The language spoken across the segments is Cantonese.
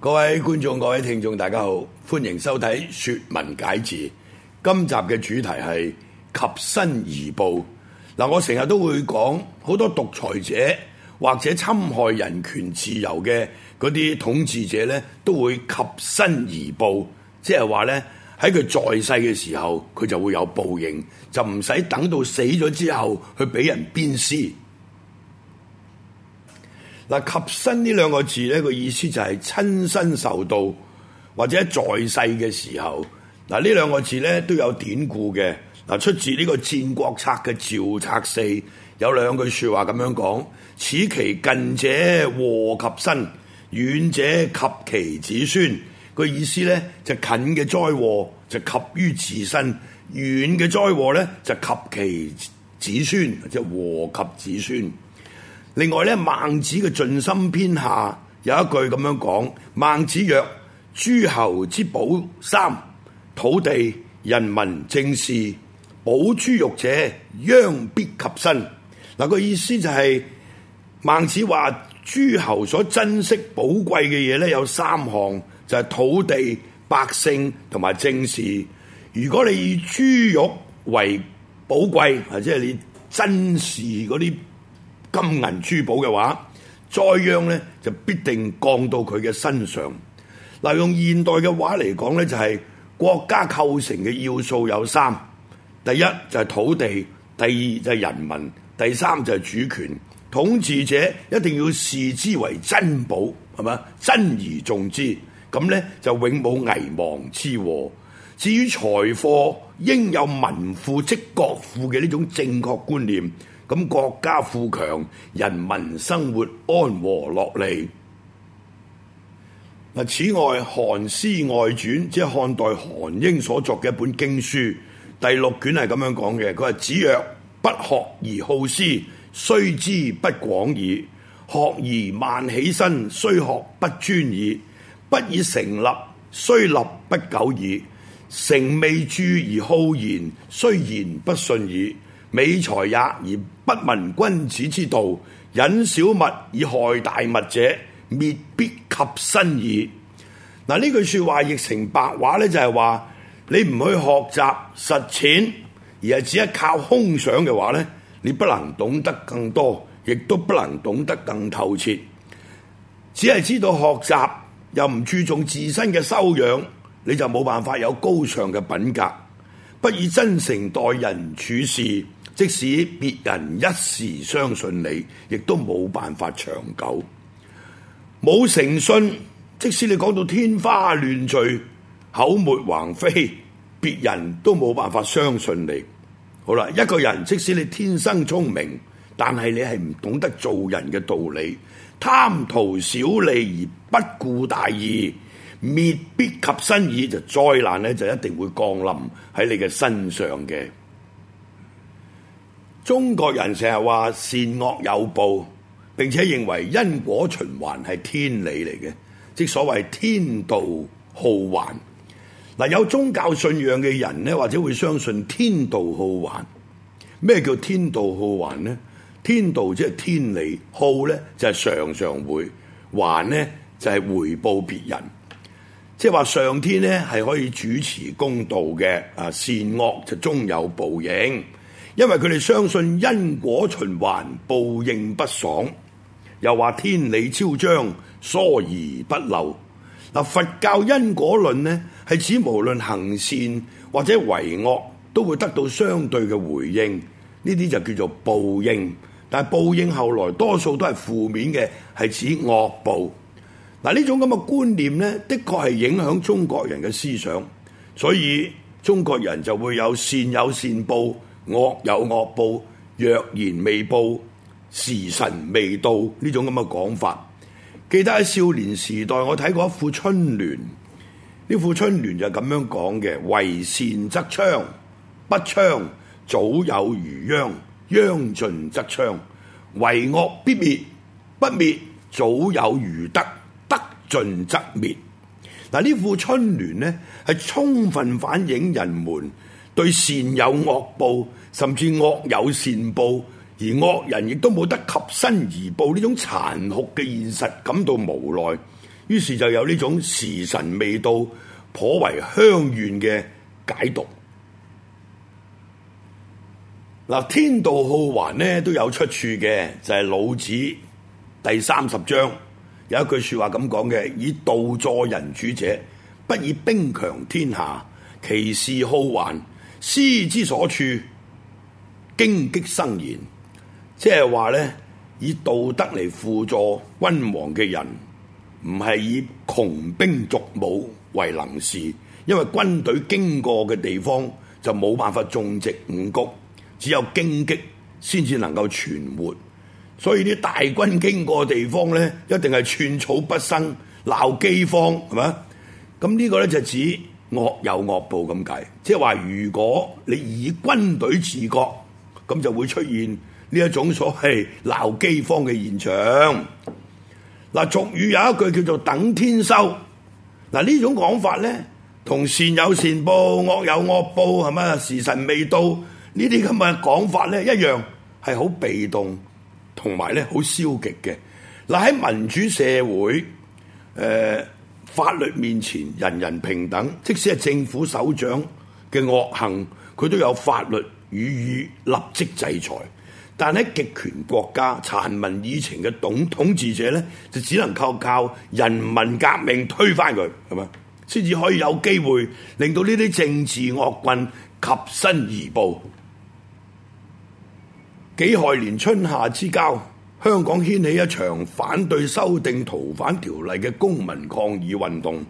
各位觀眾、各位聽眾，大家好，歡迎收睇《說文解字》。今集嘅主題係及身而報。嗱，我成日都會講，好多獨裁者或者侵害人權自由嘅嗰啲統治者咧，都會及身而報，即係話咧喺佢在世嘅時候，佢就會有報應，就唔使等到死咗之後去俾人鞭屍。嗱，及身呢兩個字咧，個意思就係親身受到，或者在世嘅時候。嗱，呢兩個字咧都有典故嘅。嗱，出自呢個《戰國策》嘅《趙策四》，有兩句説話咁樣講：此其近者禍及身，遠者及其子孫。個意思咧，就係、近嘅災禍就及於自身，遠嘅災禍咧就及其子孫，即係禍及子孫。另外孟子嘅盡心篇下有一句咁樣講：孟子曰：諸侯之寶三，土地、人民、政事。寶珠玉者，殃必及身。嗱、那，個意思就係、是、孟子話諸侯所珍惜寶貴嘅嘢咧，有三項就係、是、土地、百姓同埋政事。如果你以珠玉為寶貴，或者係你珍視嗰啲。金銀珠寶嘅話，災殃咧就必定降到佢嘅身上。嗱，用現代嘅話嚟講咧，就係國家構成嘅要素有三：第一就係土地，第二就係人民，第三就係主權。統治者一定要視之為珍寶，係嘛？珍而重之，咁咧就永冇危亡之禍。至於財貨，應有民富即國富嘅呢種正確觀念。咁國家富強，人民生活安和樂利。嗱，此外，《韓詩外傳》即係漢代韓嬰所作嘅一本經書，第六卷係咁樣講嘅。佢話：子曰，不學而好思，雖知不廣矣；學而慢起身，雖學不專矣；不以成立，雖立不久矣；成未著而好言，雖言不信矣。美才也而不聞君子之道，引小物以害大物者，滅必及身矣。嗱，呢句說話譯成白話咧，就係話你唔去學習實踐，而係只係靠空想嘅話咧，你不能懂得更多，亦都不能懂得更透徹。只係知道學習又唔注重自身嘅修養，你就冇辦法有高尚嘅品格，不以真誠待人處事。即使別人一時相信你，亦都冇辦法長久。冇誠信，即使你講到天花亂墜、口沫橫飛，別人都冇辦法相信你。好啦，一個人即使你天生聰明，但係你係唔懂得做人嘅道理，貪圖小利而不顧大義，滅必及身矣。就災難咧，就一定會降臨喺你嘅身上嘅。中國人成日話善惡有報，並且認為因果循環係天理嚟嘅，即所謂天道好還。嗱、啊，有宗教信仰嘅人咧，或者會相信天道好還。咩叫天道好還呢？「天道即係天理，好呢就係、是、常常會還呢就係、是、回報別人，即係話上天呢係可以主持公道嘅，啊善惡就終有報應。因為佢哋相信因果循環、報應不爽，又話天理昭彰、疏而不漏。嗱，佛教因果論呢，係指無論行善或者為惡，都會得到相對嘅回應。呢啲就叫做報應。但係報應後來多數都係負面嘅，係指惡報。嗱，呢種咁嘅觀念呢，的確係影響中國人嘅思想，所以中國人就會有善有善報。惡有惡報，若然未報，時辰未到，呢種咁嘅講法。記得喺少年時代，我睇過一副春聯，呢副春聯就咁樣講嘅：為善則昌，不昌早有餘殃；殃盡則昌，為惡必滅，不滅早有餘德；德盡則滅。嗱，呢副春聯呢，係充分反映人們對善有惡報，甚至惡有善報，而惡人亦都冇得及身而報呢種殘酷嘅現實，感到無奈，於是就有呢種時辰未到，頗為一廂情願」嘅解讀。嗱，天道好還呢，都有出處嘅，就係、是、老子第三十章有一句説話咁講嘅：以道佐人主者，不以兵強天下，其事好還。師之所處，荊棘生焉。即係話咧，以道德嚟輔助君王嘅人，唔係以窮兵黷武為能事。因為軍隊經過嘅地方就冇辦法種植五谷，只有荊棘先至能夠存活。所以啲大軍經過嘅地方咧，一定係寸草不生，鬧饑荒，係嘛？咁呢個咧就指。惡有惡報咁解，即係話如果你以軍隊治國，咁就會出現呢一種所謂鬧饑荒嘅現象。嗱、啊、俗語有一句叫做等天收，嗱、啊、呢種講法咧，同善有善報、惡有惡報係咪啊？時辰未到這這呢啲咁嘅講法咧，一樣係好被動，同埋咧好消極嘅。嗱、啊、喺民主社會，誒、呃。法律面前人人平等，即使係政府首長嘅惡行，佢都有法律予以立即制裁。但係極權國家殘民以情嘅統統治者呢就只能靠靠人民革命推翻佢，係嘛？先至可以有機會令到呢啲政治惡棍及身而報。幾害年春夏之交，香港掀起一場反對修訂逃犯條例嘅公民抗議運動，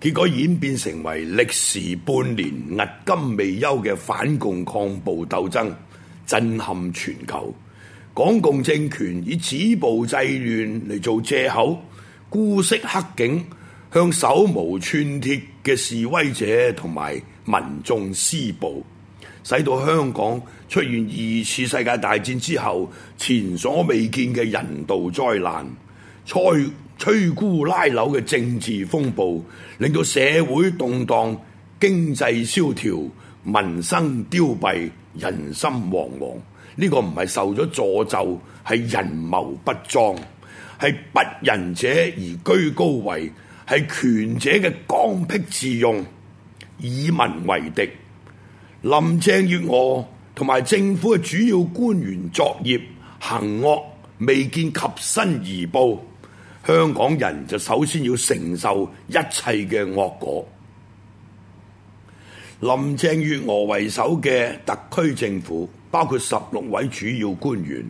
結果演變成為歷時半年，壓金未休嘅反共抗暴鬥爭，震撼全球。港共政權以止暴制亂嚟做借口，姑息黑警，向手無寸鐵嘅示威者同埋民眾施暴。使到香港出現二次世界大戰之後前所未見嘅人道災難、摧摧枯拉朽嘅政治風暴，令到社會動盪、經濟蕭條、民生凋敝、人心惶惶。呢、這個唔係受咗詛咒，就係人謀不臧，係不仁者而居高位，係權者嘅剛愎自用，以民為敵。林鄭月娥同埋政府嘅主要官員作業行惡，未見及身而報，香港人就首先要承受一切嘅惡果。林鄭月娥為首嘅特區政府，包括十六位主要官員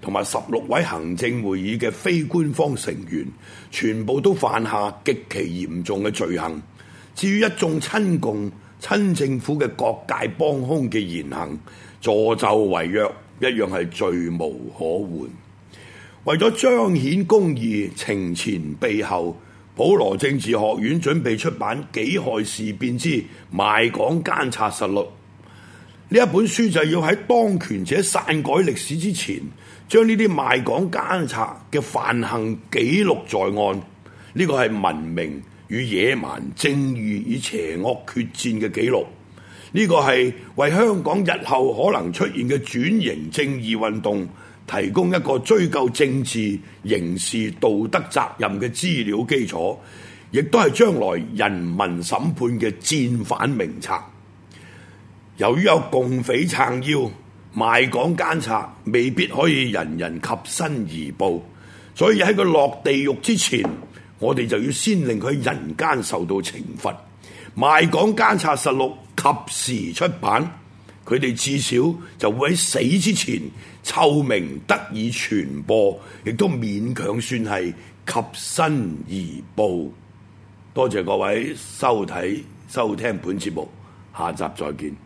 同埋十六位行政會議嘅非官方成員，全部都犯下極其嚴重嘅罪行。至於一眾親共，親政府嘅各界幫凶嘅言行助紂為虐，一樣係罪無可逭。為咗彰顯公義，懲前毖後，普羅政治學院準備出版《己亥事變之賣港奸賊實錄》呢一本書，就要喺當權者篡改歷史之前，將呢啲賣港奸賊嘅犯行記錄在案。呢個係文明。與野蠻、正義與邪惡決戰嘅記錄，呢個係為香港日後可能出現嘅轉型正義運動提供一個追究政治、刑事、道德責任嘅資料基礎，亦都係將來人民審判嘅戰犯名冊。由於有共匪撐腰、賣港奸賊，未必可以人人及身而報，所以喺佢落地獄之前，我哋就要先令佢喺人間受到懲罰，賣港監察實錄，及時出版，佢哋至少就會喺死之前臭名得以傳播，亦都勉強算係及身而報。多謝各位收睇收聽本節目，下集再見。